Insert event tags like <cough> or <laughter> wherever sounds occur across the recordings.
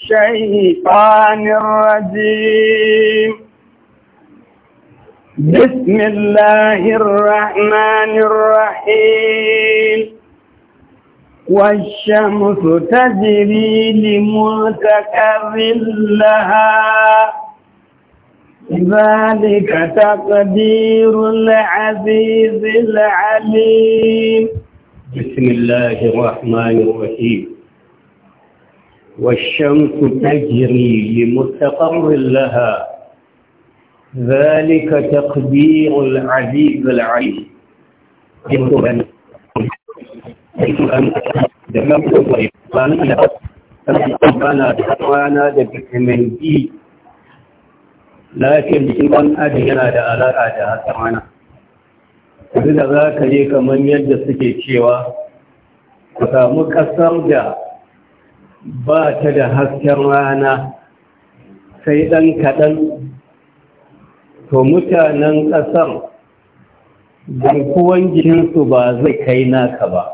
الشيطان الرجيم بسم الله الرحمن الرحيم والشمس تجري لمعتكر لها ذلك تقدير العزيز العليم بسم الله الرحمن الرحيم والشمس تجري لمستقر لها ذلك تقدير العزيز العليم lakin jikin wani yana da alaƙa da hasamana duk da za ka je kamar yadda suke cewa Ku samu ƙasar da ba ta da hasken rana sai ɗan kaɗan to mutanen ƙasar garkuwan jininsu ba zai kai naka ba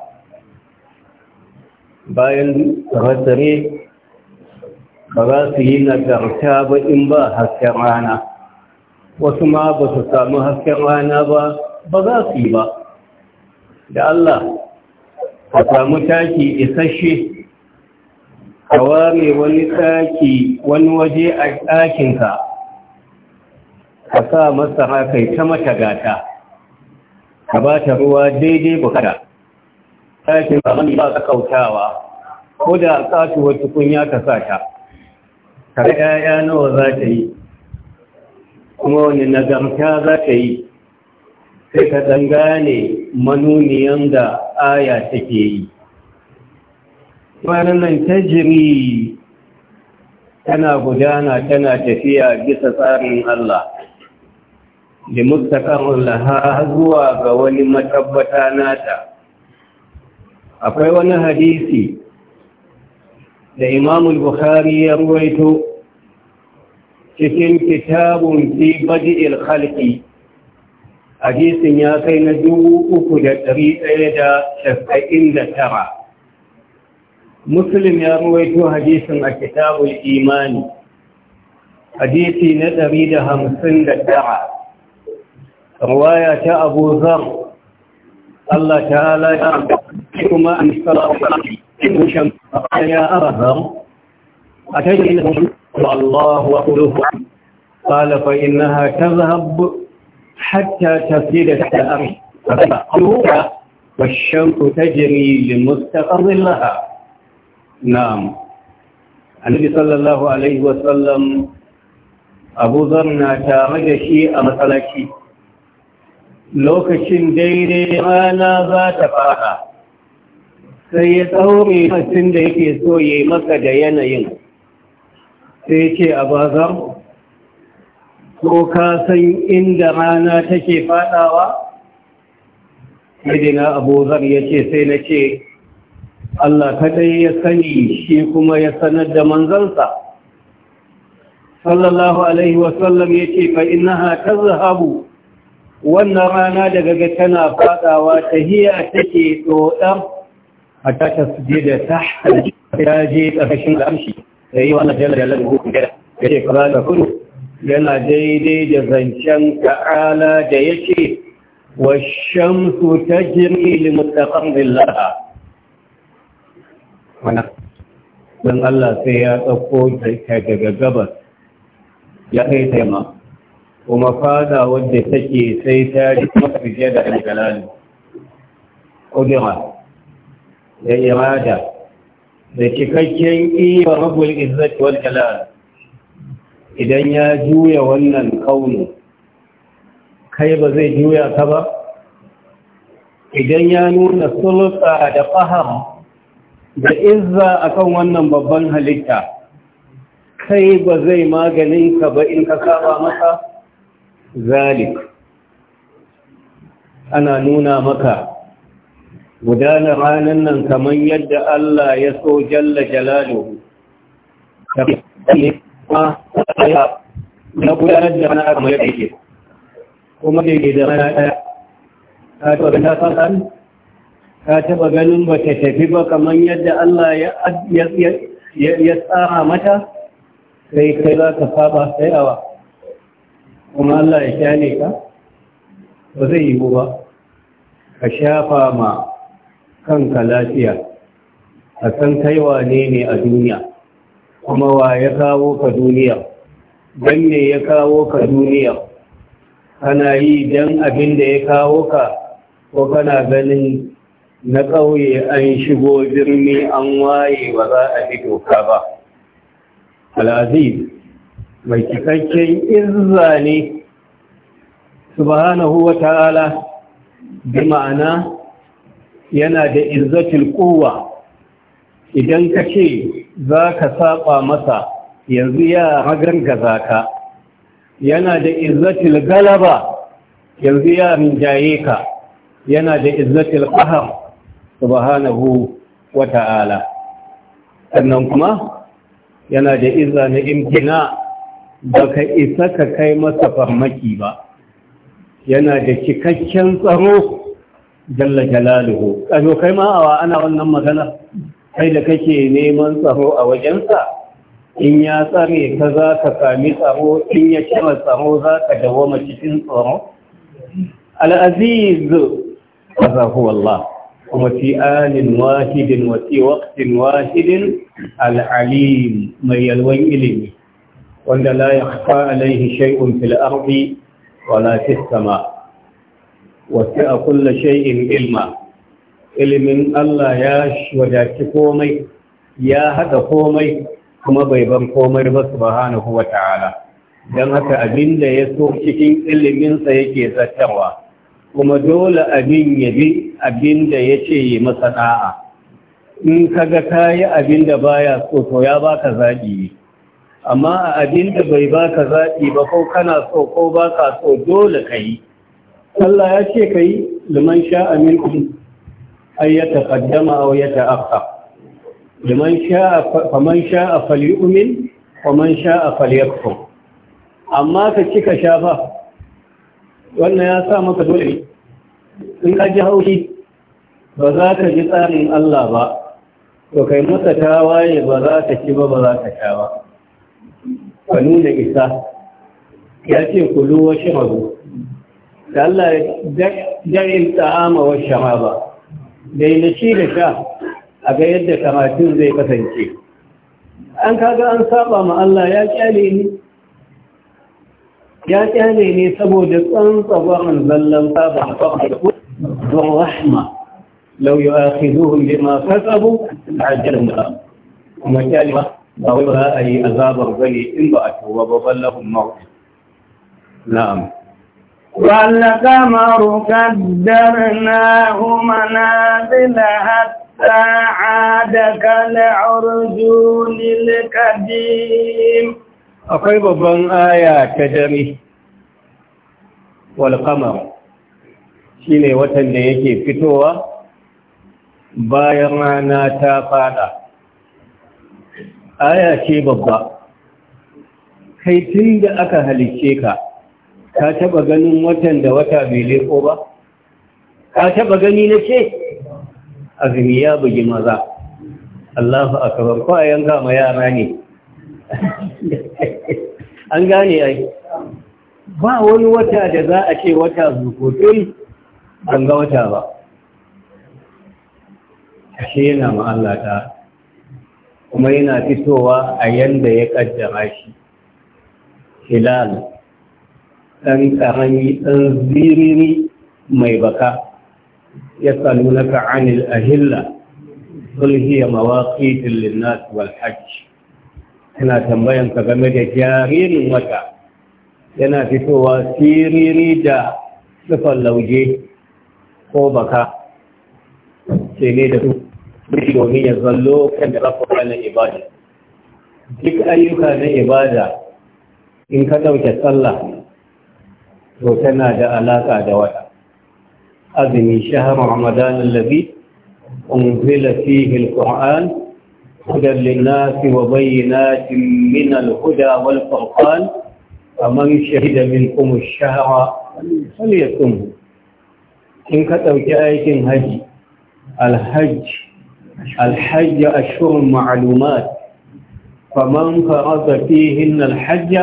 bayan rasare ba za su yi nagarta ba in ba hasken rana wasu ma ba su samu hasken rana ba ba za su yi ba da Allah ka samu taki isasshe ka ware wani tsaki wani waje a ɗakinka ka sa masa haka ta mata gata ka ba ta ruwa daidai bukata ɗakin ba wani ba ka kautawa ko da wata tukunya ka sa ta ka ‘ya'ya nawa za ta yi kuma wani nagarta za ta yi sai ka dangane manuniyan da aya take yi ranar nan ta jiri tana gudana tana tafiya bisa tsarin Allah da mustaqarrun laha zuwa ga wani matabbata nata akwai wani hadisi da Imam bukhari ya ruwaito cikin kitabun fi badi'il khalqi hadisin ya kai na dubu uku da ɗari ɗaya da da tara. مسلم يا رويتو حديث كتاب الإيمان حديثي لها مسلم الدعاء رواية أبو ذر الله تعالى يأخذكم أن صلى الله عليه وسلم يا أبو ذر الله وقلوه قال فإنها تذهب حتى تسجد تفيد الأرض والشمس تجري لمستقر لها na'am annabi sallallahu alaihi wasallam abu na tare da shi a matsalaci lokacin daidai rana za ta fara sai ya tsaure mutum da yake so ya yi maka da yanayin sai ce a bazar ko ka san inda rana take fadawa? Madina Abu Zar ya ce sai na ce Allah kadai ya sani shi kuma ya sanar da manzansa sallallahu alaihi wasallam ya ce fa ta zahabu. wannan rana daga ga tana fadawa tahiya take dodar hatta ta tahta je kashin Ta sai wa Allah jalla jalla ku gida yace kaza da kun yana daidai da zancen ta'ala da yace ta jirgin لمستقر لها don Allah sai ya ɗauko ta daga gabas ya kai taima kuma fada wadda take sai ta ji mafiye da algalali ƙudura da irada da cikakken iya rabul izzati wal jalal idan ya juya wannan kaunu kai ba zai juya ka ba idan ya nuna sulta da faham da izza akan wannan babban halitta kai ba zai maganin ka ba in ka saba maka? zalik ana nuna maka gudanar ranar nan kamar yadda Allah ya so jalla jalaluhu na gudanar da rana kamar yadda yake kuma da ke da rana ɗaya ta ta ta ka taba ganin ba ta tafi ba kamar yadda Allah ya tsara mata sai kai za ka saba tsayawa kuma Allah ya sha ne ka ba zai yi ba ka shafa ma kanka lafiya a san kai ne ne a duniya kuma wa ya kawo ka duniya don ne ya kawo ka duniya kana yi don abin da ya kawo ka ko kana ganin na ƙauye an shigo birni an waye ba za a fi doka ba al'aziz mai cikakken izza ne subhanahu wa ta'ala bi ma'ana yana da izzatil kowa idan ka ce za ka saba masa yanzu ya ragargaza ka yana da izzatul galaba yanzu ya rinjaye ka yana da izzatul ƙahar subhanahu wa ta'ala sannan kuma yana da iza na imtina ba ka isa ka kai masa farmaki ba yana da cikakken tsaro jalla jalaluhu ƙazo kai ma'awa ana wannan magana kai da kake neman tsaro a wajensa in ya tsare ka za ka sami tsaro in ya kira tsaro za ka dawoma cikin tsaro al'aziz a zahuwallah kuma alin wahidin wa waqtin wahidin al'alim mai yalwan ilimi wanda la yakhfa alaihi shay'un fil ardi wala fis sama wasi'a ilma ilimin Allah ya wadaci komai ya haɗa komai kuma bai ban komai ba kuwa ta'ala, don haka abinda ya so cikin iliminsa yake zattarwa kuma dole abin ya bi abin da ya ce yi masa ɗa'a in kaga ka yi abin da baya so to ya baka zaɓi amma a abin da bai baka zaɓi ba ko kana so ko baka so dole ka yi Allah ya ce ka yi liman sha'a minkum ay yataqaddama aw afka. liman sha'a faman sha'a falyu'min wa man sha'a falyakfur amma ka sha fa. wannan ya sa maka dole in ka ji haushi ba za ka ji tsarin Allah ba to kai masa tawaye ba za ka ci ba ba za ka sha ba ka nuna isa ya ce kulu wa shirabu da Allah ya darin ta'ama wa sharaba dainaci da sha a ga yadda kamatin zai kasance an kaga an saba ma Allah ya kyale ni ya kyale ne saboda tsantsabarin zallan saba a rahma lau yi akhizuhum bima kasabu ajalun da kuma kyale ba ba wai ba a yi azabar bane in ba a tuba ba ballahum maut na'am والقمر قدرناه منازل حتى عاد كالعرجون القديم akwai babban aya ta dare walƙamar shi ne watan da yake fitowa bayan rana ta fada aya ce babba kai tun da aka halicce ka ka taba ganin watan da wata bai leko ba ka taba gani na ce azumi ya bugi maza Allahu akbar kwayan gama yara ne an gane ai ba wani wata da za a ce wata zukotun an ga wata ba ashe yana ma'allata kuma yana fitowa a yadda ya kaddara shi hilal ɗan ƙarami ɗan ziriri mai baka ya na ka'anil ahilla sulhiyar mawaƙi tilin nasu والحج suna tambayan ka game da jaririn wata yana fitowa siriri da sufan lauje ko baka ce ne da su domin ya zallo kan da rafa wannan ibada duk ayyuka na ibada in ka ɗauke sallah to tana da alaƙa da wata azumi shahar ramadan allazi unzila fihi alquran هدى للناس وبينات من الهدى والفرقان فمن شهد منكم الشهر فليكن إن كتبت آية هج الحج الحج أشهر معلومات فمن فرض فيهن الحج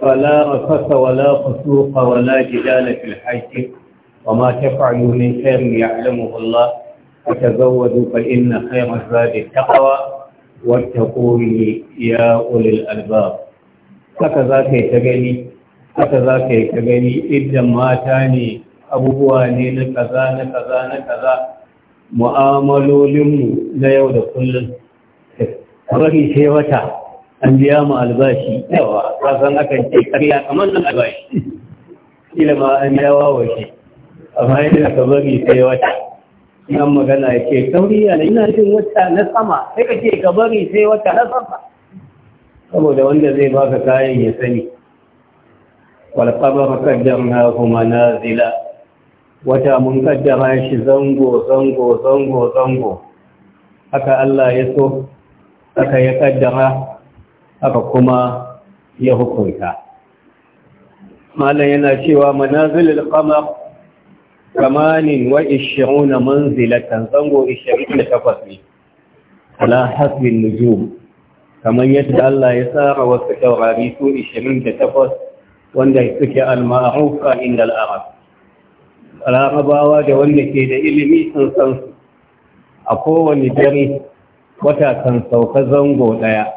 فلا رفث ولا فسوق ولا جدال في الحج وما تفعلوا من خير يعلمه الله فتزودوا فإن خير الزاد التقوى واتقوني يا أولي الألباب هكذا za ka yi ta gani إذا mata ne, abubuwa ne na kaza na kaza na kaza mu'amalolinmu na yau da kullum rahi sai wata an biya mu albashi yawa kasan aka ce karya kamar nan albashi kila ma an yawa wa shi amma yadda ka bari sai wata nan magana ya ce kauri yana ina jin wata na sama sai ka ce ka bari sai wata na sama saboda wanda zai baka kayan ya sani walƙabar na kuma na zila wata mun kaddara shi zango zango zango zango haka Allah ya so haka ya kaddara haka kuma ya hukunta malam yana cewa manazilul qamar kamanin wa ishiruna manzilatan zango ishirin da takwas ne ala hasbin nujum kamar yadda Allah ya tsara wasu taurari su ishirin da takwas wanda suke al-ma'ruf a inda al-arab larabawa da wanda ke da ilimi sun san su a kowane dare wata kan sauka zango daya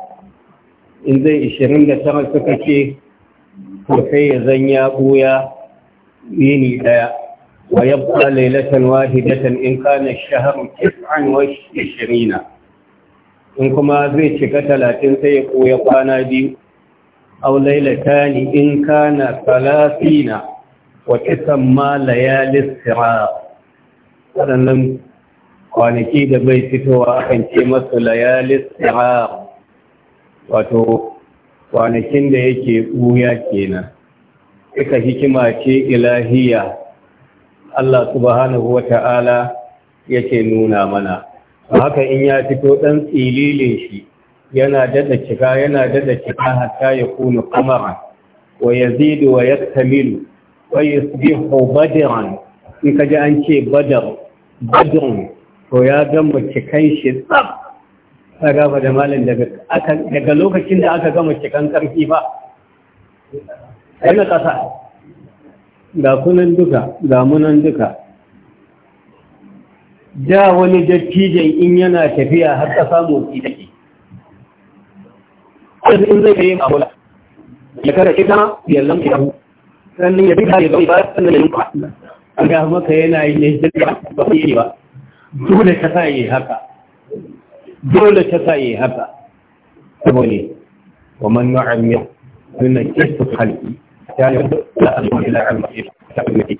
in zai ishirin da tara suka ce to sai ya zan ya buya yini daya ويبقى ليلة واحدة إن كان الشهر تسعا وعشرين إن كما زي شكة لكن سيقو يقانا دي أو ni in kana salafina, وتسمى ليالي الصراط waɗannan kwanaki da bai fitowa akan ce masu layalis wato kwanakin da yake ɓuya kenan duka hikima ce ilahiya Allah subhanahu wa ta'ala yake nuna mana haka in ya fito ɗan tsililin shi yana daɗa cika yana dada cika hatta ya kunu kamara wa yazidu wa yaktamilu wa yusbihu badran in ka ji an ce badar to ya gama cikan shi tsab ka da malin daga lokacin da aka gama cikan ƙarfi ba yana ƙasa ga kunan duka ga munan duka da wani dattijan in yana tafiya har ka samu ki take sai in zai kai abula ya kare ita ya lamki abu sannan ya bi da ya zo ba sannan ya lamka an ga maka yana yi ne da ba yi ba dole ta sa yi haka dole ta sa yi haka saboda wa man nu'amir min kisu khalqi ya yi da al'umma ila an mafi ta fi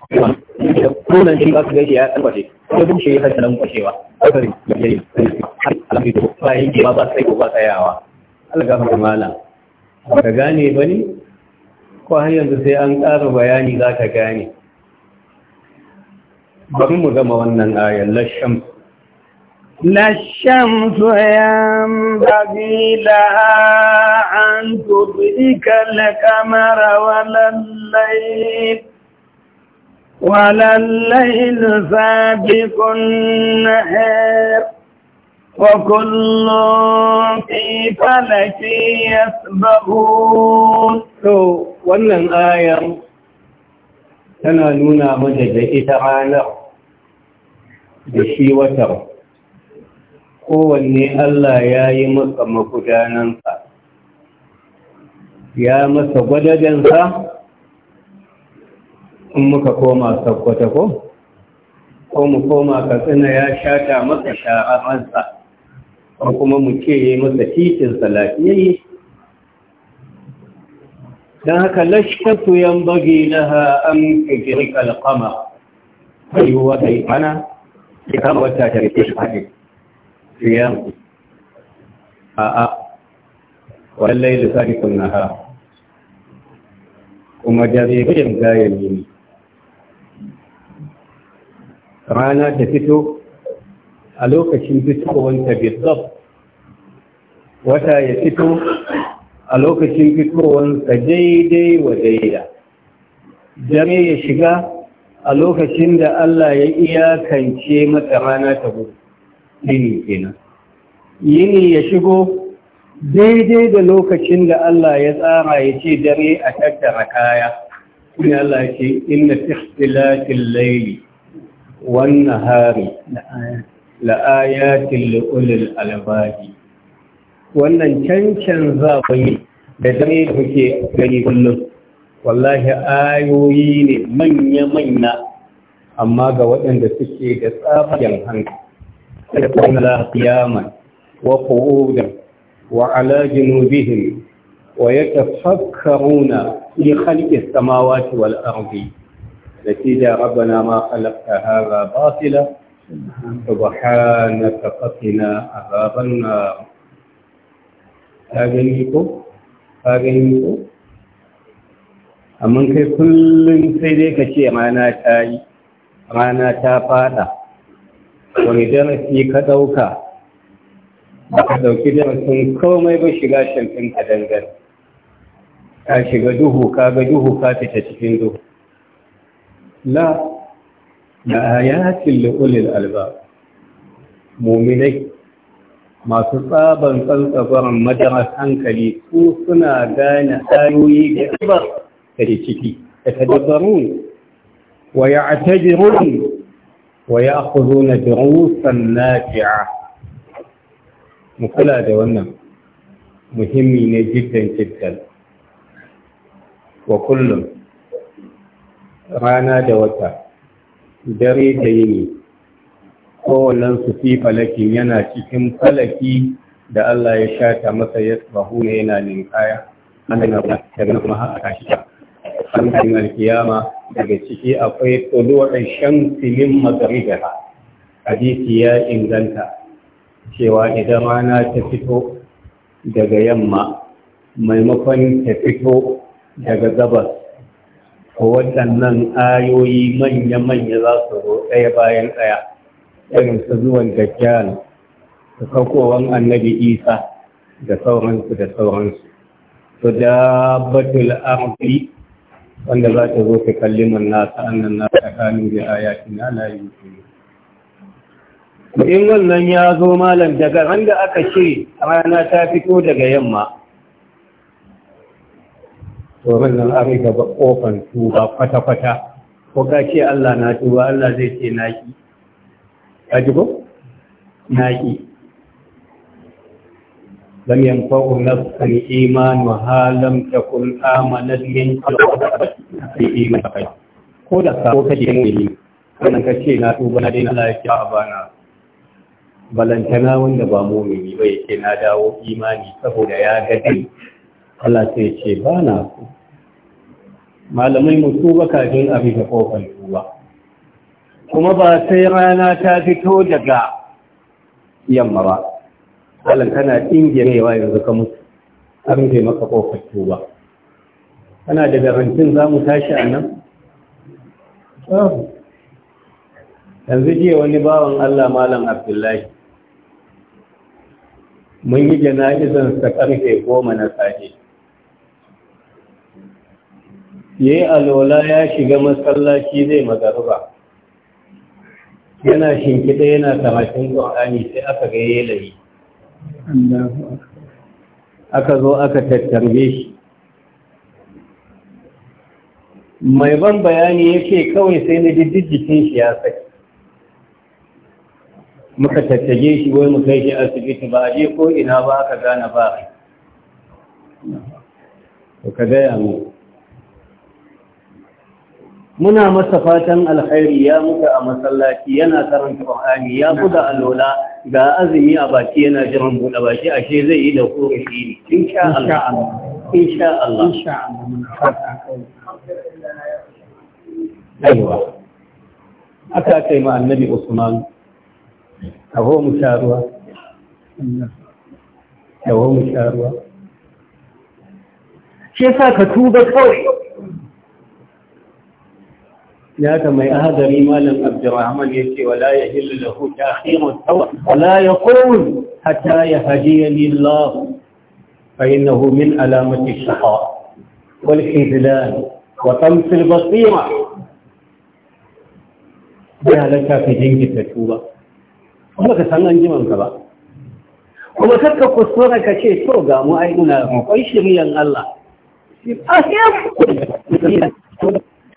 da kunan shi su gaishe ya albace ko duk shi ya kasa nan kwashewa kasari da yayi alhamdu da bayan ke ba ba sai ko ba tsayawa Allah gafa mala ka gane ba ne ko har yanzu sai an ƙara bayani za ka gane bari mu gama wannan ayar lashan لا الشمس ينبغي لها أن تضيك القمر ولا الليل ولا الليل سابق النهار وكل في فلك يسبغون to الآية ayar مجد إتغانا بشي da kowanne Allah ya yi masa magudanansa ya masa gwadadansa in muka koma sakwata ko ko mu koma katsina ya shata masa sha'amansa ko kuma mu ce yi masa titinsa lafiyayye don haka lashkatu yan bagi na an kajirka alkama bai yi ta yi mana ya kama wata ta rikishin shi siyan a'a wallai lissafikun nahara kuma jaririn gayani ne rana ta fito a lokacin fitowanta bizab wata ya fito a lokacin fitowansa daidai wa daida dare ya shiga a lokacin da Allah ya iyakance mata rana ta gudu yini kenan yini ya shigo daidai da lokacin da Allah ya tsara ya ce dare a tattara kaya kuma Allah ya ce inna fi ikhtilafil layli wan nahari la ayatin li ulil albab wannan cancan zafi da dare kuke gani kullum wallahi ayoyi ne manya-manya amma ga waɗanda suke da tsafiyar hankali يكون لها قياما وقعودا وعلى جنوبهم ويتفكرون في خلق السماوات والأرض نتيجة ربنا ما خلقت هذا باطلا سبحانك ققنا عذاب النار هذا يجيكم هذا يجيكم amma kai kullum sai dai ka wani darasi ka ɗauka ka ɗauki darasin komai ba shiga shamfin ka dangane ka shiga duhu ka ga duhu ka fita cikin duhu la da ayatin la'ulil alba muminai masu tsaban tsantsabaran madara hankali su suna gane ayoyi da ibar da ciki da tadabbarun wa ya Waya ويأخذون دروسا نافعة kula da wannan muhimmi ne jiddan jiddan wa kullum rana da wata dare da yini kowannen su fi falakin yana cikin falaki da Allah ya shata masa ya tsabahu ne yana ninkaya an da na kuma haka shi an da alkiyama daga ciki akwai tuluwar shamsi filin magaribiha hadisi ya inganta cewa idan rana ta fito daga yamma maimakon ta fito daga gabas waɗannan ayoyi manya-manya za su zo ɗaya bayan ɗaya irin su zuwan dajjal da kakowar annabi isa da sauransu da sauransu su dabbatul ardi wanda za ta zo ta manna nasa annan na tsakanin da ayatin na layin in wannan ya zo malam daga wanda aka ce rana ta fito daga yamma to ranar afirka ba kofan tuba kwata-kwata ko ka ce allah na tuba allah zai ce naki ji ko? naki لم ينفع نفسا إيمانها لم تكن آمنت من قبل في إيمان فقط كل سابقة جميل أنا كشينا توبنا دين الله يتعبانا balantana wanda ba mumini bai ce na dawo imani saboda ya gadi Allah sai ce ba na ku malamai mu tuba kafin a fita kofar tuba kuma ba sai rana ta fito daga yamma ba alan kana dingirewa yanzu ka mutu an rufe maka kofar tuba kana da garantin za mu tashi a nan yanzu jiya wani bawan Allah malam Abdullahi mun yi jana'izan sa karfe goma na safe yi alola ya shiga masallaci zai magaruba yana shinkida yana tamashin ƙwa'ani sai aka ga yayi aka zo aka tattarbe shi mai ban bayani ya ce kawai sai na jijjikin shi ya sai muka tattage shi wai mu kai shi asibiti ba a je ko ina ba aka gane ba to ka gaya mu muna masa fatan alkhairi ya muka a masallaci yana karanta Qur'ani ya buda alola ga azumi a baki yana jiran buɗe baki ashe zai yi da korafi ne insha Allah insha Allah insha Allah aiwa aka kai ma annabi Usman abu mu sharuwa taho mu sharuwa shi yasa ka tuba kawai لهذا ما ما لم أبدر عمل يشي ولا يهل له تأخير الثوء ولا يقول حتى يهدي لي الله فإنه من علامة الشقاء والحذلان وطمس البصيرة لك في جنك التشوبة وما كسان أنجي من كبا وما كتك قصورة كشي سوغا مؤينا وإشري الله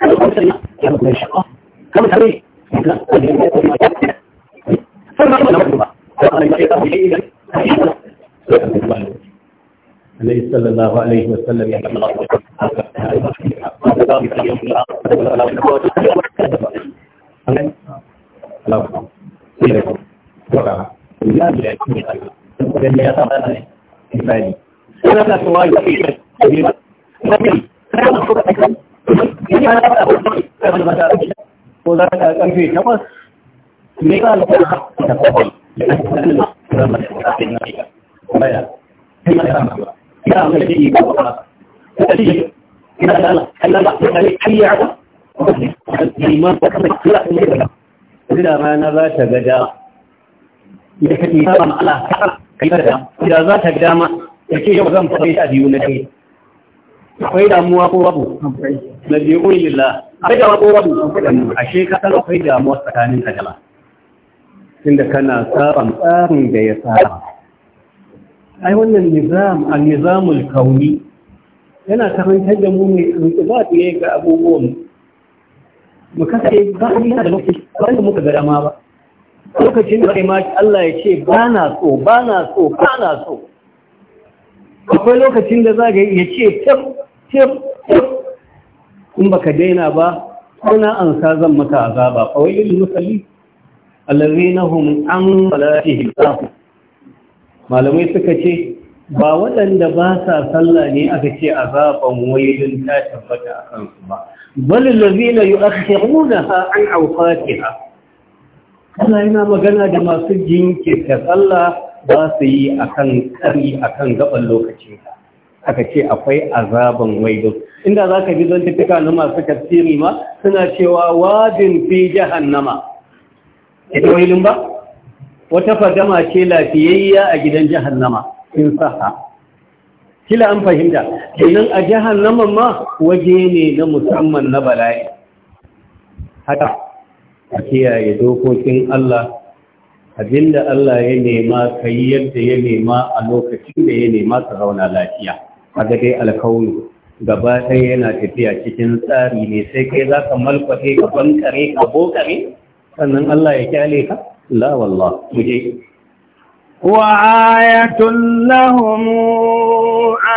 كم تسوي كم تسوي شقة كم تسوي فما كنا نقول النبي صلى الله عليه وسلم يحب الله Gracias. karfe takwas ne ka lafiya ta kwakwai da ake sanar da ramar da ta na ya baya ta yi sama ba ya amma da ke ba ba ta ce ina da ala kallon ba ta kare kariya ba liman ta kuma kira ne da ina rana za ta ga da ta ce ta ba ala ta kai da ina za ta ga dama ya ce yau zan fara yi a biyu na kai akwai damuwa ko babu na biyu ulillah akwai da ko babu ashe ka san akwai damuwa tsakanin ka jama'a Inda kana tsaron tsarin da ya tsara ai wannan nizam a nizamul kauni yana karantar da mu ne ba ta ga abubuwan mu kasa kasance ba a yana da lokaci ba da muka ga dama ba lokacin da ma Allah ya ce ba na so ba na so ba na so akwai lokacin da za ga ya ce tir tir tir in baka daina ba kuna an sa zan maka azaba kawai lil musalli allazina hum an salatihim sahun malamai suka ce ba waɗanda ba sa sallah ne aka ce azaban wailin ta tabbata a kansu ba balin lazina yi akhiruna ha an aufati ha Allah yana magana da masu jinkirta sallah ba su yi akan kari akan gaban lokacin aka ce akwai azaban wailin inda za ka bi zantattuka na masu tafsiri ma suna cewa wajen fi jahannama idoilin ba wata fadama ce lafiyayya a gidan jahannama in saha kila an fahimta kenan a jahannama ma waje ne na musamman na bala'i haka a kiyaye dokokin Allah abinda Allah ya nema kai yadda ya nema a lokacin da ya nema ka zauna lafiya ga dai gaba ɗaya yana tafiya cikin tsari ne sai kai za ka malkwafe ka bankare ka bokare sannan Allah ya kyale ka la wallah muje وآية لهم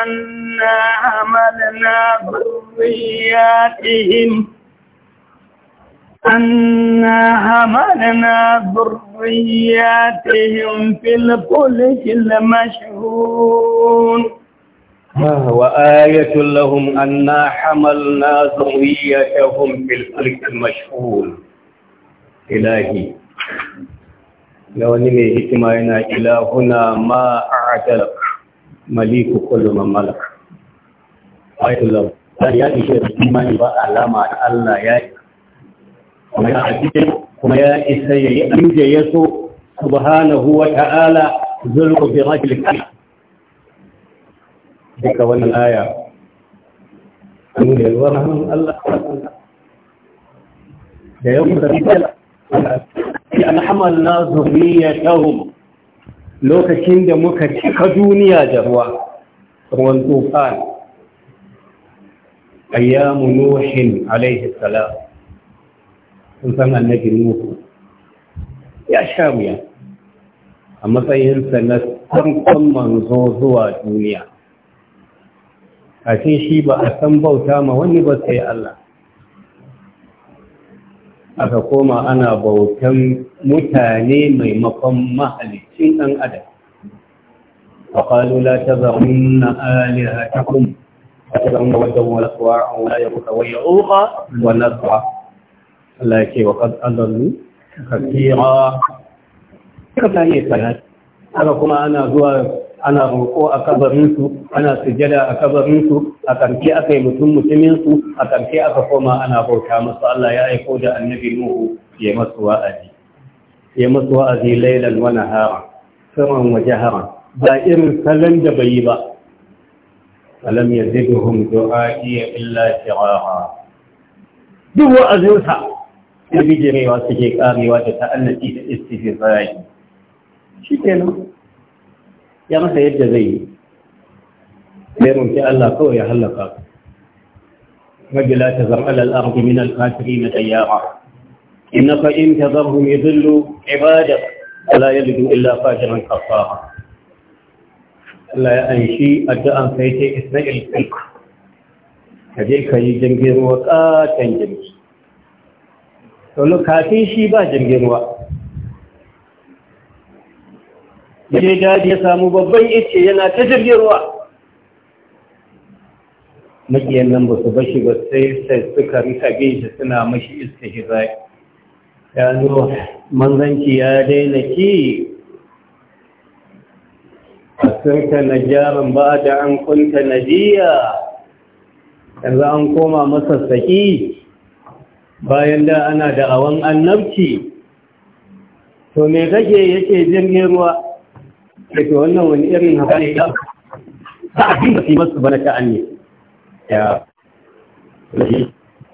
أنا حملنا ذرياتهم أنا حملنا ذرياتهم في الفلك المشهور وآية لهم أنا حملنا ذريتهم في الفلك المشهول إلهي لو أنني اجتماعنا إلى ما أعدلك مليك كل من ملك آية الله ya ishe da imani ba alama Allah ya yi kuma ya ajiye kuma ya isa ya yi amince ya so wa ta'ala duka wannan aya an da yawa hannun Allah da yau da rikala an hamalna zuriyatahum lokacin da muka cika duniya da ruwa ruwan tufan ayyamu nuhin alaihi salam sun san annabi nuhu ya sha wuya a matsayinsa na farkon manzo zuwa duniya a shi ba a san bauta ma wani ba sai Allah aka koma ana bautan mutane maimakon mahalicin ɗan adam a ta zaunin na a ta zaunin wajen walasuwa a wula ya kuka waye uka walasuwa Allah ce wa ƙasallonu ka fi rawa ka sa ne tsanar aka kuma ana zuwa ana roƙo a kabarinsu ana sujada a kabarinsu a ƙarshe aka yi mutum mutuminsu a ƙarshe aka koma ana bauta masu Allah ya aiko da annabi Nuhu ya masu wa'azi ya masu wa'azi lailan wa nahara sirran wa jahara ba irin salon da bai yi ba alam yazidhum du'a'i illa shirara duk wa'azinsa ya bijirewa suke karewa da ta'annaci da istighfari shikenan ya masa yadda zai yi sai roƙi Allah kawai ya hallaka wajila ta zama alal ardi min al kafirin tayyara innaka in tazarhum yadullu ibadak wala yalidu illa fajiran kafara Allah ya anshi addu'an sai ta Isma'il Filk ka je ka yi jirgin ruwa ƙatan jirgi. Tolu kafin shi ba jirgin ruwa, je daji ya samu babban ice yana ta jirgin ruwa makiyan nan ba su bashi ba sai sai suka rika bin suna mashi iska shi zai ya zo manzanci ya daina ki a sirka na jarin ba da an kunta na jiya yanzu an koma masassaki bayan da ana da awon annabci to me kake yake jirgin ruwa da ke wannan wani irin haka ne ya ta a da su masu bana sha'an ne ya lahi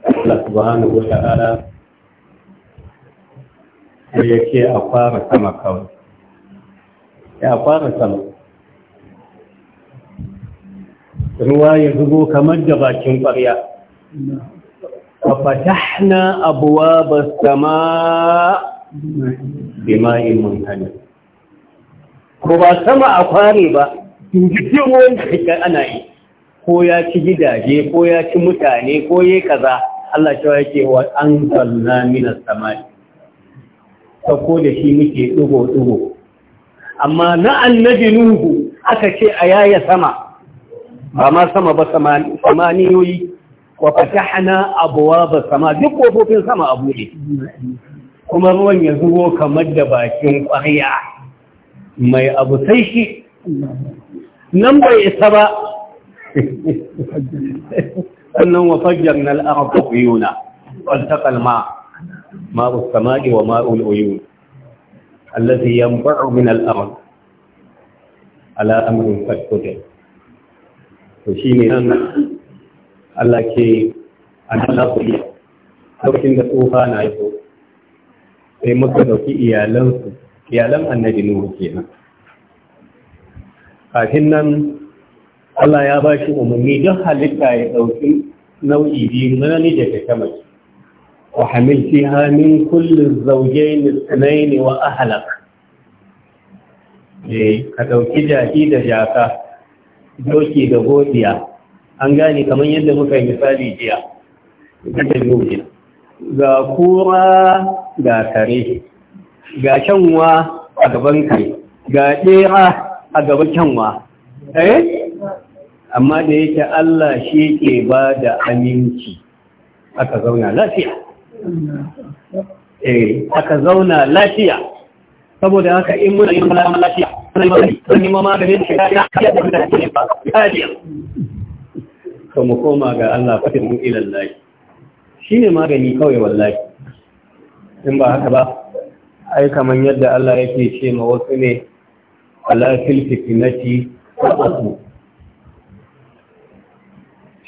Allah subhanahu wa ta'ala da ya ke a fara sama kawai ya fara sama ruwa ya zubo kamar da bakin ƙwarya a fatahna abuwa ba sama bima'in mun hannun ko ba sama a kware ba jirgin wanda ke ana yi ko ya ci gidaje ko ya ci mutane ko ya kaza Allah cewa ce wa an zalna minas samai sauko da shi muke ɗigo-ɗigo amma na annabi nuhu aka ce a yaya sama ba ma sama ba samaniyoyi wa hana abuwa ba sama duk kofofin sama abu ne. kuma ruwan ya zuwo kamar da bakin ƙwarya mai abu sai shi nan bai isa ba sannan Fajjar na al'arafa uyuna ƙwaltakal ma ma'ul samadi wa ma'ul uyun allazi yanba'u min al'arafa ala amrin fadkudin to shi ne nan Allah ke annalafiya lokacin da tsufa na yi sai muka ɗauki iyalansu iyalan annabi nuhu kenan kafin nan Allah ya ba shi umarni don halitta ya ɗauki nau'i biyu manani da ta mace wa hamil fi hamin kullum zaujain ne wa ahalak eh, ka ɗauki jaki da jaka doki da godiya an gane kamar yadda muka yi misali jiya ga kura ga kare ga kyanwa a gaban kai ga ɗera a gaban kyanwa eh amma da yake Allah shi ke ba da aminci aka zauna lafiya eh aka zauna lafiya saboda haka in muna yin kalama lafiya sun yi mama gare shi ya da ke ba lafiya to mu koma ga Allah fatin ilallahi shine magani kawai wallahi in ba haka ba ai kaman yadda Allah yake ce ma wasu ne ala fil fitnati fa'atu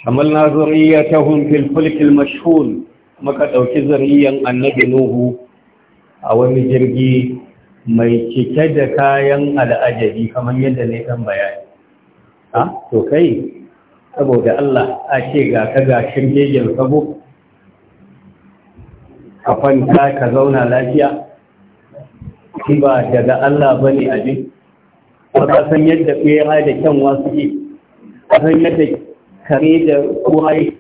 hamalna zuriyatahum fil fulkil mashhul maka dauki zuriyan annabi nuhu a wani jirgi mai cike da kayan al'ajabi kaman yadda ne kan bayani ha to kai saboda Allah a ce ga ka ga shirgegen sabo ka kwanta ka zauna lafiya shi ba daga Allah ba ne abin ba ka san yadda ɓera da kyanwa yi, ka san yadda kare da kuwaye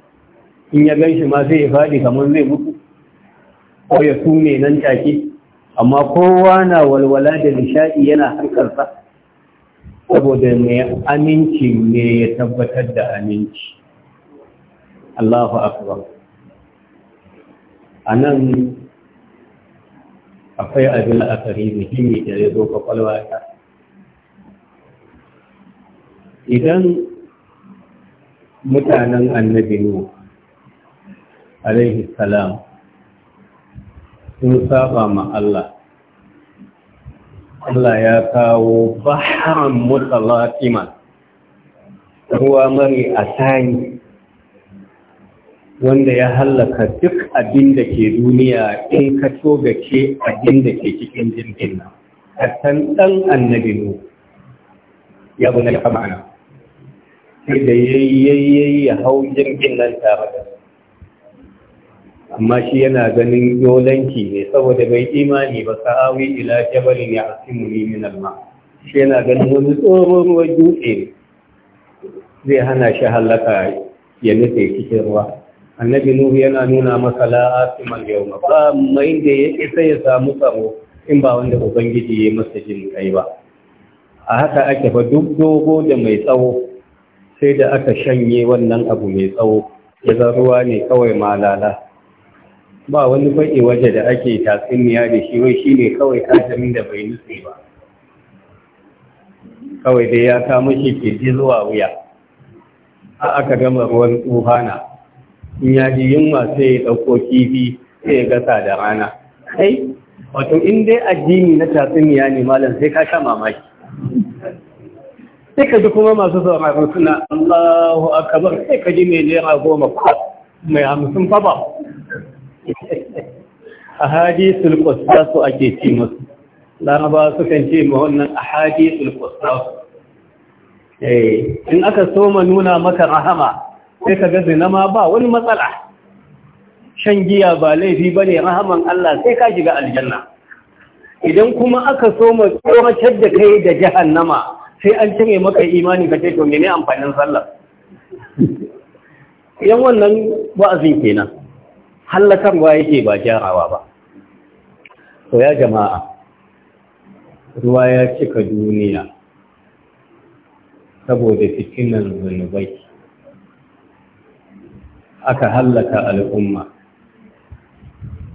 in ya gan shi ma zai faɗi kamar zai mutu ko ya ne nan take amma kowa na walwala da nishaɗi yana harkarsa saboda mai aminci ne ya tabbatar da aminci Allahu akbar a nan akwai abin la'akari muhimmi da ya zo kwakwalwa ta idan mutanen annabi nuhu alaihi salam sun saba ma Allah Allah ya kawo baharan mutsalatima ruwa mari asani wanda ya hallaka duk abin da ke duniya in ka ga ke abin da ke cikin jirgin nan can ɗan annabi nu ya bu na kama ana sai da yayyayyayi ya hau jirgin nan tare da amma shi yana ganin yolanki ne saboda bai imani ba sa'awi ila jabalin ya asimu muni min alma shi yana ganin wani tsoron ruwan dutse zai hana shi hallaka ya nufe cikin ruwa annabi nuhu yana nuna masa la'asimal yau ba mai da ya isa ya samu tsaro in ba wanda ubangiji ya masa jin kai ba a haka ake fa duk dogo da mai tsawo sai da aka shanye wannan abu mai tsawo ya ruwa ne kawai ma lala. ba wani baƙi waje da ake tatsuniya da shi wai shi ne kawai kajamin da bai nutse ba kawai dai ya kama shi ke ji zuwa wuya a aka gama ruwan tsohana in ya ji yunwa sai ya ɗauko kifi sai ya gasa da rana ai wato in dai addini na tatsuniya ne malam sai ka sha mamaki sai ka ji kuma masu sauraron suna Allahu akbar sai ka ji mai naira goma ko mai hamsin fa ba <laughs> ahadisul qusas ake ce musu laraba sukan ce ma wannan ahadisul qusas eh in aka so ma nuna maka rahama sai ka ga zina ma ba wani matsala shan giya ba laifi ba ne rahaman Allah sai ka shiga aljanna idan kuma aka so ma tsoratar da kai da jahannama sai an cire maka imani ka ce to mene amfanin sallah yan wannan wa'azin kenan hallakarwa yake ba jarawa ba to ya jama'a ruwa ya cika duniya saboda fitinan zunubai aka hallaka al'umma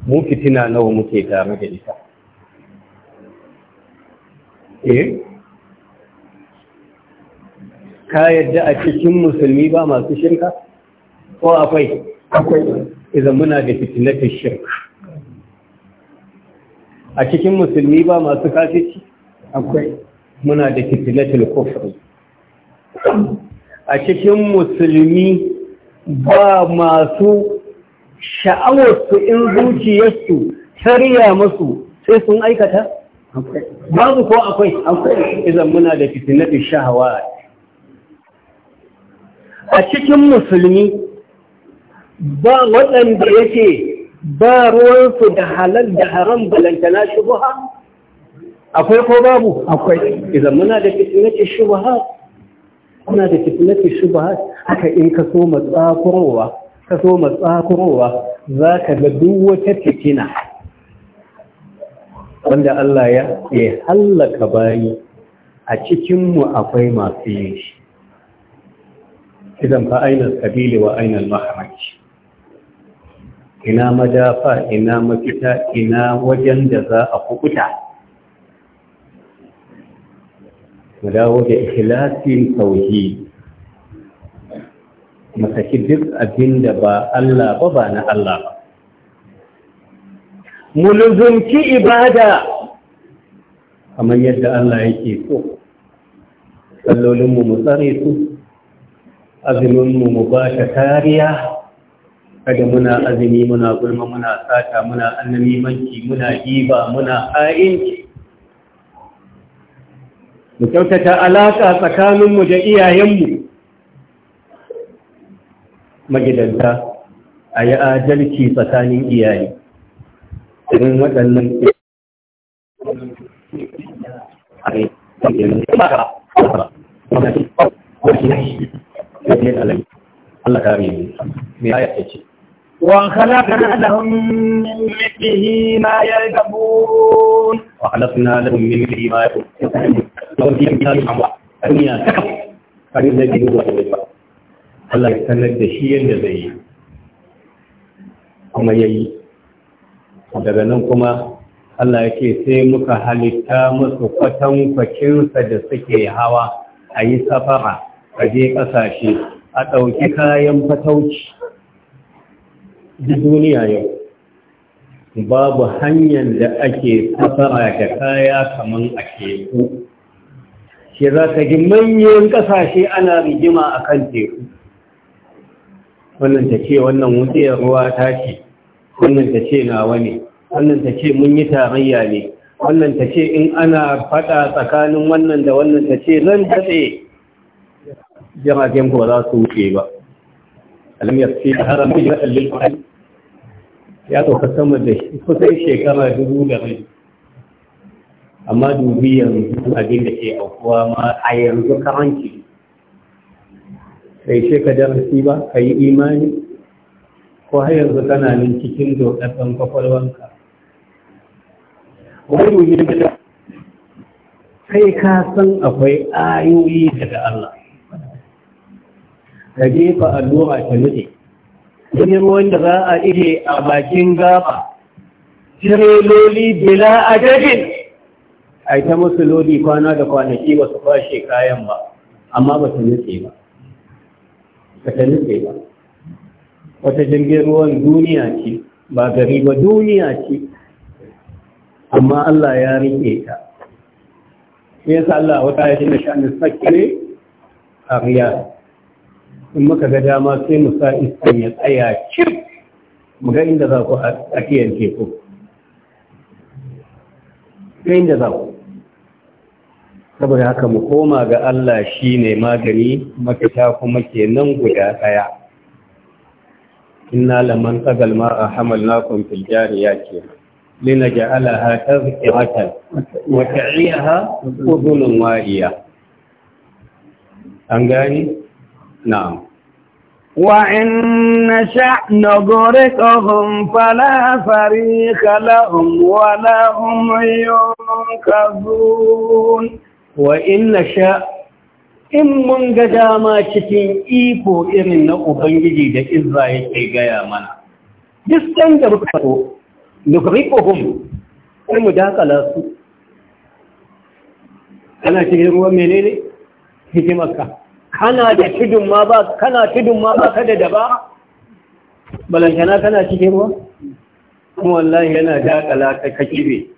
mu fitina nawa muke tare da ita eh ka yadda a cikin musulmi ba masu shirka ko akwai akwai idan muna da fitinatar shirka a cikin musulmi ba masu kafici akwai muna da fitinatar kufri a cikin musulmi ba masu sha'awarsu in zuciyarsu tariya masu sai sun aikata? Babu ko akwai, akwai izan muna da fitinatin shahawa. A cikin musulmi ba waɗanda yake ba ruwansu da halal da haram balantana shubuha? Akwai ko babu? Akwai. Izan muna da fitinatin shubuha. kuna da fitnati shubhat haka in ka so matsakurowa ka so matsakurowa za ka ga duk wata fitina wanda Allah ya ya hallaka bayi a cikinmu akwai masu yin shi idan fa ainihin kabili wa ainihin mahamaci ina madafa ina mafita ina wajen da za a kukuta mu dawo da ikhlasin tauhi mu saki duk abinda ba Allah ba ba na Allah ba mu luzumci ibada kamar yadda Allah yake so sallolinmu mu tsare su azuminmu mu ba kariya kada muna azumi muna gulma muna sata muna annamimanci muna giba muna ha'inci mu kyautata alaƙa tsakaninmu da iyayenmu magidanta a yi adalci tsakanin iyaye irin waɗannan ƙasar ƙasar وخلقنا لهم من مثله ما يركبون وخلقنا لهم من مثله ما يركبون وفي مثال الحمراء الدنيا تكف فإن الذي هو Allah ya sanar da shi yadda zai yi kuma ya yi daga nan kuma Allah ya ce sai muka halitta musu kwatankwacinsa da suke hawa a yi safara a je ƙasashe a ɗauki kayan fatauci duk duniya yau babu hanyar da ake safara da kaya kamar a teku shi za ka ji manyan ƙasashe ana rigima a kan teku wannan ta ce wannan wutsiyar ruwa ta ce wannan ta ce nawa ne wannan ta ce mun yi tarayya ne wannan ta ce in ana faɗa tsakanin wannan da wannan ta ce zan tsaye. jiragen ba za su wuce ba alam ya fi haram bi ya lil qur'an ya to sama da shi kusan shekara dubu da rai. amma dubi yanzu abin da ke aukuwa ma a yanzu karanci sai ce ka darasi ba ka yi imani ko har yanzu kana nan cikin dokakan kwakwalwanka wani ne sai ka san akwai ayoyi daga Allah ka jefa allura ta nutse jirgin ruwan da za a ije a bakin gaba tireloli bila adadin a ta musu loli kwana da kwanaki ba su kwashe kayan ba amma ba su nufi ba ba ta nutse ba wata jirgin ruwan duniya ce ba gari ba duniya ce amma Allah ya rike ta yasa Allah wata ya shi na sha'anin sakire a riyar in muka ga dama sai mu sa iskan ya tsaya cif mu ga inda za ku a kiyar teku ga inda za ku saboda haka mu koma ga Allah shi ne magani mafita kuma ke nan guda ɗaya inna laman tsagal ma a hamalnakum fil jariya ke linaja'alaha tazkiratan wa ta'iyaha udhunun wa'iya an gani نعم وإن نشأ نغرقهم فلا فريق لهم ولا هم ينقذون وإن نشأ in mun ga dama cikin iko irin na Ubangiji da Izra yake gaya mana. Distan da muka so, nukrikohum, sai mu dakala su. Ana cikin ruwan menene? Hikimarka. kana da tudun ma ba kana tudun ma ba kada da ba balantana kana cikin ruwa kuma wallahi yana dakala ka kakibe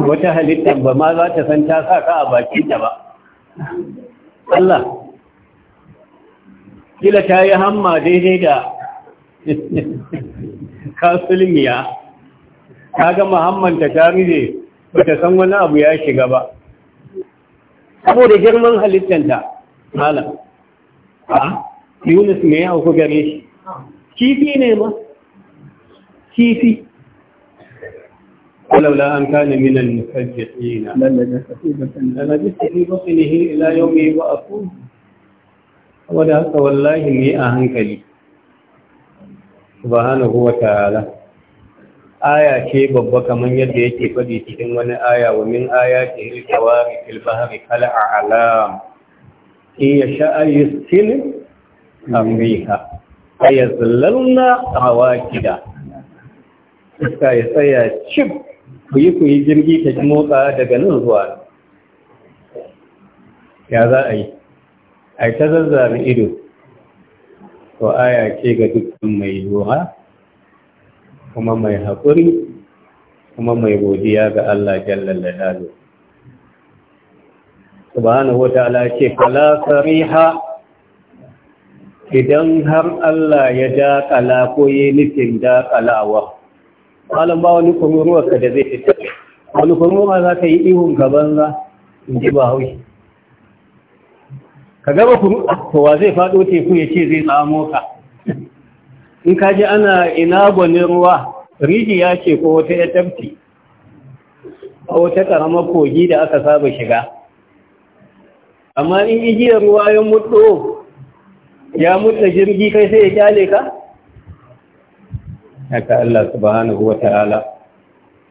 wata halittar ba ma za ta san ta sa ka a bakinta ba Allah kila ta yi hamma daidai da <laughs> kasulmiya ta ga Muhamman ta rije ba ta san wani abu ya shiga ba saboda girman halittanta Hala, a yunus ne ya auku gare shi kifi ne ma kifi ولولا أن كان من المفجحين لنجس في والله مي أهنكلي subhanahu wa ta'ala aya ce babba kamar yadda yake faɗi cikin wani aya wa min ayati al-jawari fil bahri a'lam يشاء يسهل أمريكا فيظللن رواكدا iska ya tsaya cif ku yi ku yi jirgi ta ji motsa daga nan zuwa ya za a yi a ta zazzara ido to aya ce ga dukkan mai yiwuwa, kuma mai haƙuri kuma mai godiya ga Allah jallalla dalu subhanahu wa ta'ala ce fala sariha idan har Allah ya dakala ko ya nufin dakalawa malam ba wani kururuwa ka da zai fita wani kururuwa za ka yi ihun gaban za in ji ba hauki ka gaba kururuwa zai faɗo teku ya ce zai tsamo ka in ka ji ana ina gwanin ruwa rijiya ce ko wata ya tafti. a wata ƙaramar kogi da aka saba shiga amma in igiyar ruwa ya mutu ya mutu jirgi kai sai ya kyale ka haka Allah subhanahu wa ta'ala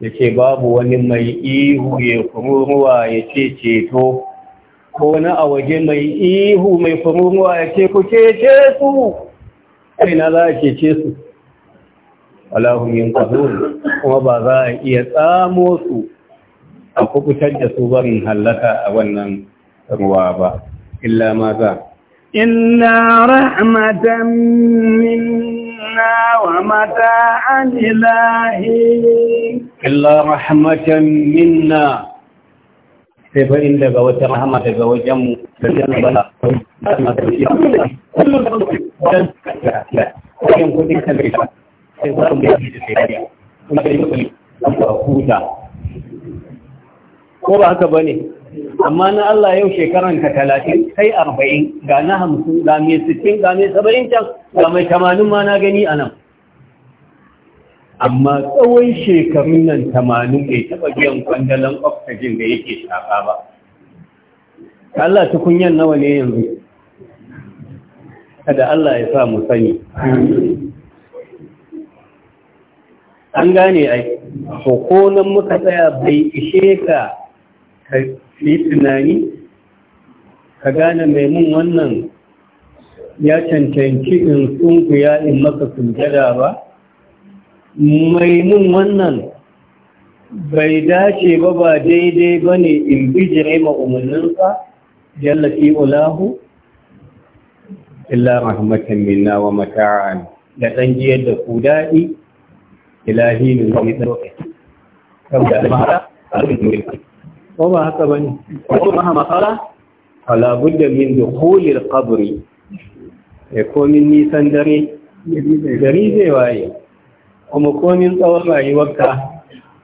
ya ce babu wani mai ihu ya kururuwa ya ce ceto ko na a waje mai ihu mai kururuwa ya ce ku cece su kai za a cece su alahun yin kuma ba za a iya tsamo su a kukutar da su barin hallaka a wannan ruwa إلا ماذا إلا رحمة منا ومتاعا إلهي إلا رحمة منا كيف إن دقوت رحمة دقوت <laughs> جمو فجأنا بلا رحمة ko ba haka ba amma na Allah yau shekaran ka talatin kai arba'in ga na hamsin ga mai sittin ga mai saba'in can ga mai tamanin ma na gani a nan amma tsawon shekarun nan tamanin bai taɓa biyan kwandalan oxygen da yake shafa ba Allah tukunyan nawa ne yanzu kada Allah ya sa mu sani an gane ai ko nan muka tsaya bai ishe ka ka yi tunani ka gane mai mun wannan ya cancanci in tsunguya in maka sujada ba mai mun wannan bai dace ba ba daidai ba ne in bijire ma umarninsa yalla fi ulahu illa rahmatan minna wa mata'an da ɗan jiyar da ku daɗi ilahi ne wani ɗauke. Saboda al'amara, cikin ko ba haka bane ko ha makara ala budda min dukhulil qabri e komin nisan dare gari zai waye kuma komin tsawon rayuwarka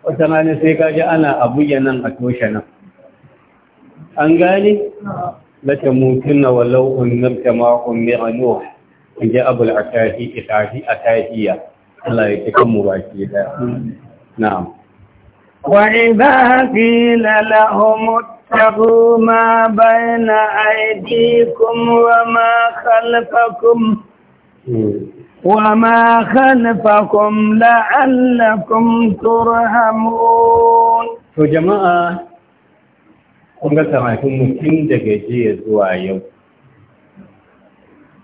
wata rana sai ka ji ana abuya nan a toshe nan an gane lata mutuna walau unnabta ma ummira nuh in ji abul atahi itahi atahiya Allah ya cikin mu baki daya na'am وإذا قيل لهم اتقوا ما بين أيديكم وما خلفكم وما خلفكم لعلكم ترحمون to jama'a kun ga kamakin mutum daga jiya zuwa yau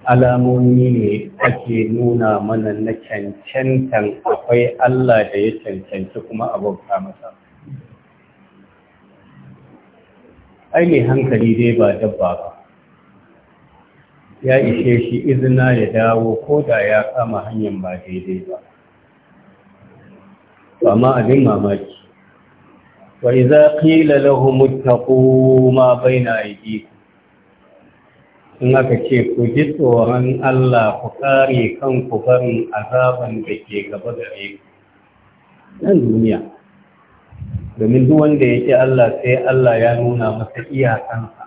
alamomi ne ake nuna mana na cancantan akwai Allah da ya cancanci kuma abauta masa. Ai mai hankali dai ba dabba ba, ya ishe shi izina ya dawo ko da ya kama hanyar ba daidai ba. Ba abin mamaki, wa iza qila lahum mutaku ma aiki ku. in aka ce ku ji tsoron Allah ku kare kanku barin azaban da ke gaba da ku nan duniya domin duk wanda ya ce Allah sai Allah ya nuna masa iyakansa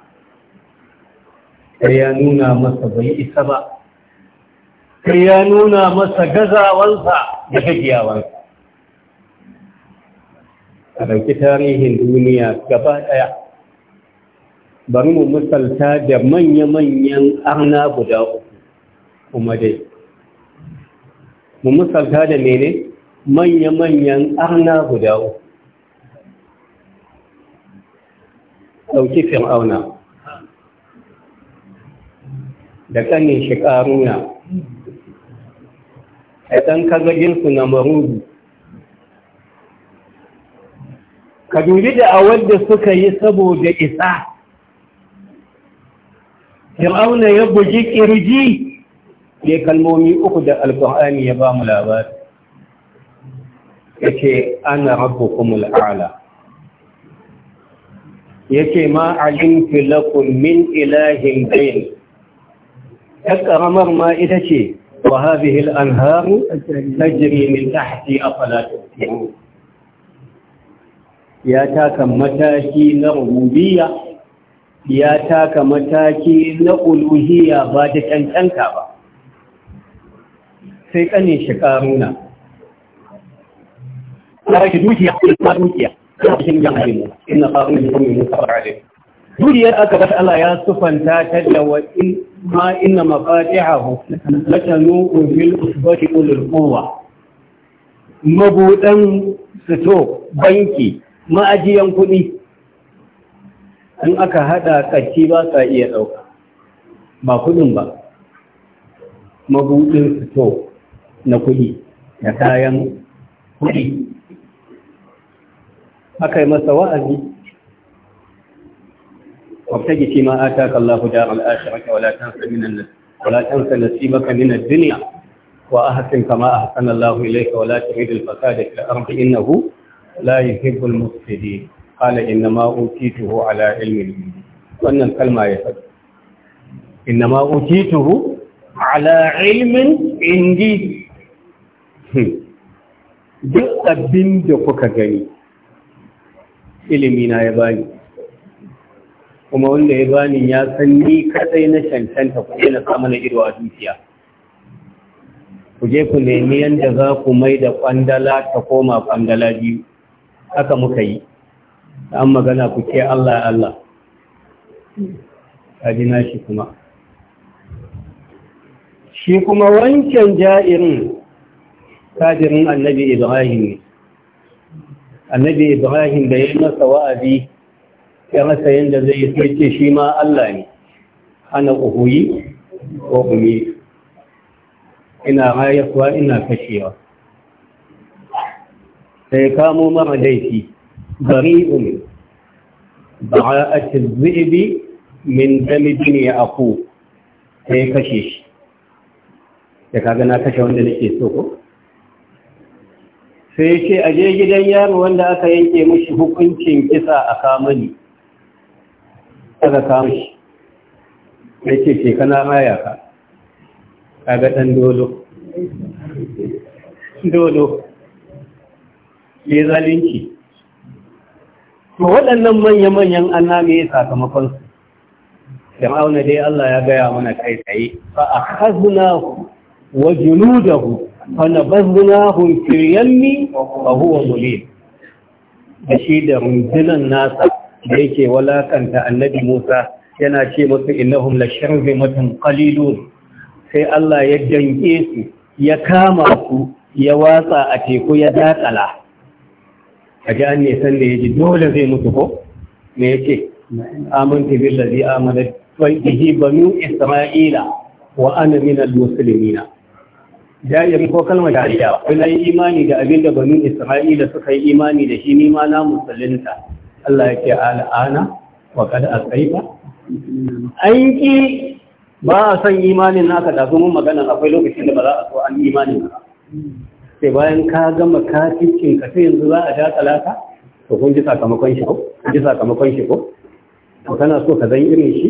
sai ya nuna masa bai isa ba sai ya nuna masa gazawansa da gajiyawansa a ɗauki tarihin duniya gaba ɗaya bari mu misalta da manya-manyan arna guda uku kuma dai mu misalta da mene manya-manyan arna guda uku ɗauki fir'auna da ƙanin shi ƙaruna a ɗan kazaginsu na marubu ka dubi da awar da suka yi saboda isa fir'auna ya buji ƙirji? ne kalmomi uku da alƙur'ani ya ba mu labari ya ce ana rabbukumul a'la ya ce ma alimtu lakum min ilahin gain ta ƙaramar ma ita ce wa hadhihi al-anhar min tahti afala ya taka mataki na rububiyya ya taka mataki na uluhiya ba da cancanta ba sai kane shi karuna dukiya kuma dukiya ina da duniyar aka bar Allah ya sufanta ta da wa in ma inna mafatihahu latanu bil usbati ulul quwwa Mabuɗan sito banki ma'ajiyan kuɗi in aka haɗa ƙarfi ba sa iya ɗauka ba kudin ba mabuɗin fito na kudi da kayan kudi aka yi masa wa'azi wata gishi ma a taka Allah da al'ashirka wala tansa nasibaka min ad-dunya wa ahsin kama a ahsana Allah ilayka wala turid al-fasada fil ardi innahu la yuhibbu al-mufsidin qala inna ma utituhu ala ilmin wannan kalma ya faɗi inna ma utituhu ala ilmin indi duk abin da kuka gani ilimi na ya bani kuma wanda ya bani ya san ni kadai na cancanta ku na samu na ido a dukiya ku je ku nemi yadda za ku mai da kwandala ta koma kwandala biyu haka muka yi an magana ku ce Allah Allah ka ji shi kuma shi kuma wancan ja'irin kajirin annabi Ibrahim ne annabi Ibrahim da ya masa wa'azi ya masa yadda zai yi shi ma Allah ne ana uhuyi ko uyi ina rayuwa ina kashewa sai kamo mara laifi bari'un ba'a'at az-zibi min dami bin yaqub sai kashe shi da kaga na kashe wanda nake so ko sai ce a je gidan yaro wanda aka yanke mishi hukuncin kisa a kamani aka kama shi ya ce ce kana maya ka kaga ɗan dolo dolo ya zalunci to waɗannan manya-manyan anna me sakamakon su ma'auna dai Allah ya gaya mana kai tsaye a akhadnahu wa ba zuna hun fil ni ba huwa mule da shi da rundunan nasa da yake walakanta annabi Musa yana ce musu innahum la matan kalilu sai Allah ya danke su ya kama su ya watsa a teku ya dakala a ji an nisan da ya ji dole zai mutu ko me ya ce aminta billazi amana bihi banu isra'ila wa ana min almuslimina jayyar ko kalmar da ariya yi imani da abin da banu isra'ila suka yi imani da shi nima na musulunta Allah ya ce al'ana wa kad asaita an ki ba a son imanin naka da mun magana akwai lokacin da ba za a so an imanin ba sai bayan ka gama kafin ka sai yanzu za a dakala ka to kun ji sakamakon shi ko kun ji sakamakon shi ko to kana so ka zan irin shi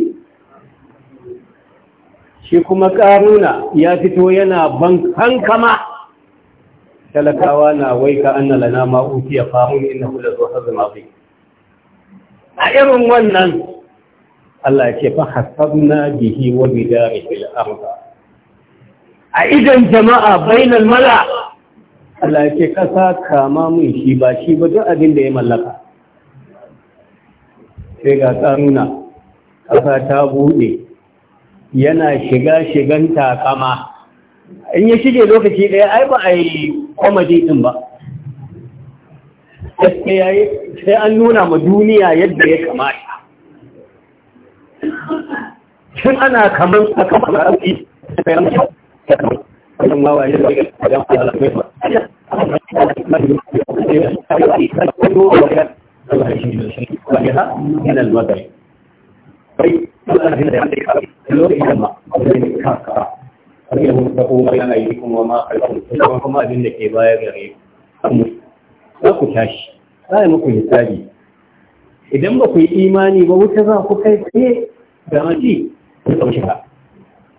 shi kuma karuna ya fito yana ban hankama talakawa na wai ka anna lana ma utiya fahun innahu zuwa zuhazun azim a irin wannan Allah ya ce fa hasabna bihi wa bidarihi al-ardh a idan jama'a bainal mala' Allah ya ce ƙasa kama mun shi ba shi ba duk abin da ya mallaka sai ga ƙaruna ƙasa ta buɗe yana shiga shigan takama in ya shige lokaci ɗaya ai ba a yi kwamadi ɗin ba sai an nuna ma duniya yadda ya kamata shin ana kamar a kamar a ƙi sai an kan wawaye da wajen alamun Bai ku da da ke idan ba ku yi imani ba wuce za ku kai tsaye ga maji ta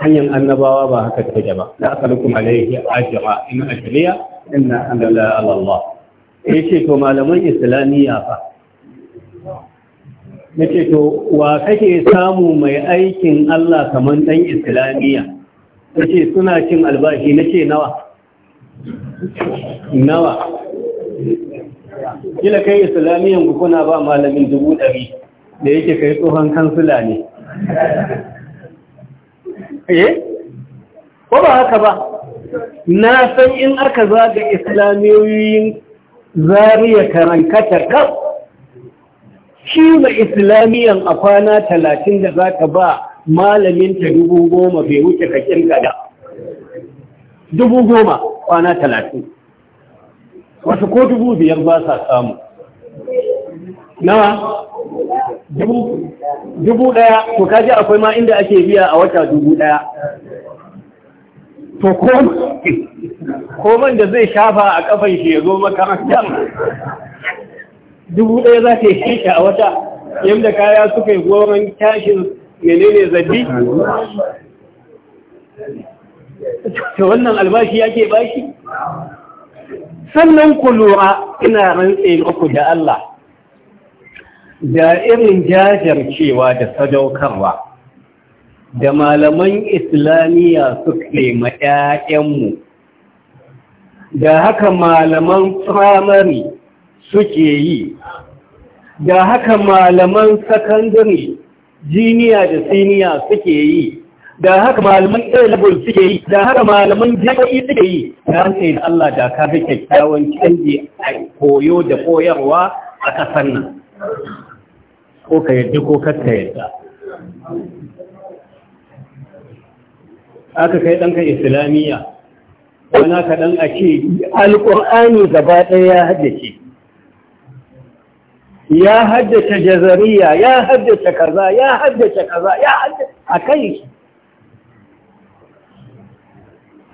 hanyar annabawa ba haka take ba la asalukum alaihi ajra in ajriya inna ana la Allah ce to malaman islamiyya fa ce to wa kake samu mai aikin Allah kamar dan islamiyya Ya ce suna cin albashi Na ce nawa nawa kila kai islamiyyan ku kuna ba malamin dubu ɗari da yake kai tsohon kansula ne eh ko ba haka ba na san in aka zaga islamiyoyin zariya karankata kaf shi ba islamiyan a kwana talatin da za ka ba malamin ta dubu goma bai wuce ka kirgada dubu goma kwana talatin wasu ko dubu biyar ba sa samu nawa dubu ɗaya to kaji akwai ma inda ake biya a wata dubu ɗaya to koman da zai shafa a kafan shi ya zo makarantar dubu ɗaya za ta yi a wata yadda kaya suka yi goron tashin menene zabi ta wannan albashi yake bashi sannan ku lura ina rantse uku da Allah da irin jajircewa da sadaukarwa da malaman islamiyya suke ma 'ya'yanmu da haka malaman firamare suke yi da haka malaman sakandare jiniya da siniya suke yi da haka malaman ɗalibul suke yi da haka malaman jami'i suke yi da haka yi Allah da ka fi kyakkyawan canji a koyo da koyarwa a ƙasar nan ko ka yadda ko kakka yadda aka kai ɗanka islamiyya wana ka ɗan a ce alƙur'ani gaba ɗaya ya haddace ya haddace jazariya ya haddace kaza ya haddace kaza ya haddace a kan shi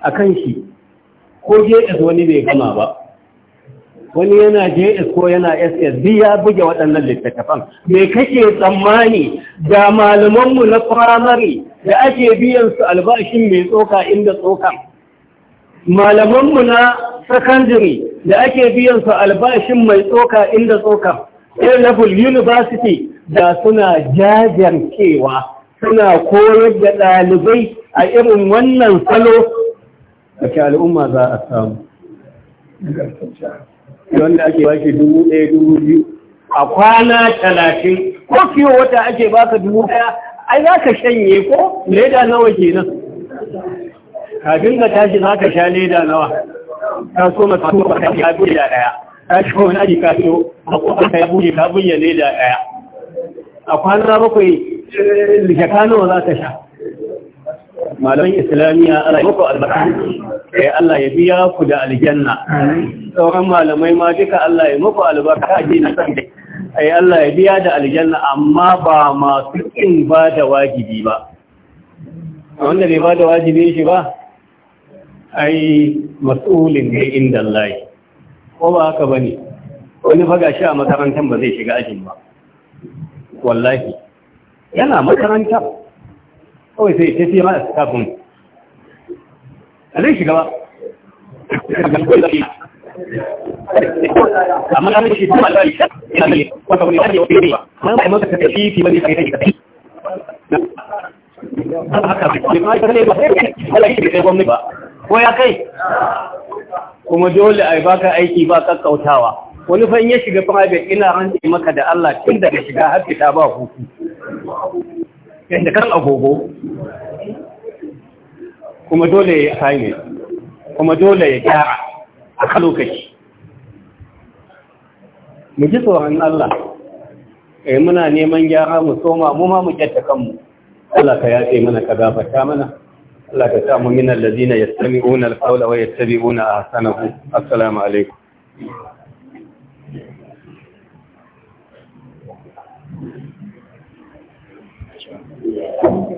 a kan shi ko je wani bai gama ba wani yana js ko yana ss ya buge waɗannan littattafan me kake tsammani da malamanmu na firamare da ake biyan su albashin mai tsoka inda tsoka malamanmu na sakandare da ake biyan su albashin mai tsoka inda tsoka a level university da suna jajircewa suna koyar da ɗalibai a irin wannan salo a al'umma za a samu wanda ake ba shi dubu ɗaya dubu biyu a kwana talatin ko kiwo wata ake baka dubu ɗaya ai za ka shanye ko leda nawa kenan kafin ka tashi za ka sha leda nawa ka so ma kaso ba ka ya buɗe ɗaya ka shi wani aji ka so a kuma ka ya buɗe ka buɗe leda ɗaya a kwana bakwai jaka nawa za ka sha malaman islamiyya ala yi mako albarka eh Allah ya biya ku da aljanna sauran malamai ma duka Allah ya muku albarka a dinin sai ai eh, Allah ya biya da aljanna amma ba masu kin ba da wajibi ba wanda bai ba da wajibi shi ba ai mas'ulin ne inda Allah ko ba haka bane wani faga shi a makarantar ba zai shiga ajin ba wallahi yana makarantar kawai sai ta fi ma a kafin a zai shiga ba amma shi kuma da shi ne wata wani wani wani ne ba amma ba ta shi tafi haka ne ma ne ba shi gwamnati ba ko ya kai kuma dole ai baka aiki ba kakkautawa wani fa in ya shiga private ina yi maka da Allah tun daga shiga har fita ba hutu yanda kan agogo kuma dole ya sami kuma dole ya gyara a kan lokaci mu ji tsoron Allah eh muna neman gyara mu soma mu ma mu kyatta kanmu Allah ka yace mana ka gafarta mana Allah ka samu min allazina yastami'una al-qawla wa yattabi'una ahsanahu assalamu alaikum Thank you.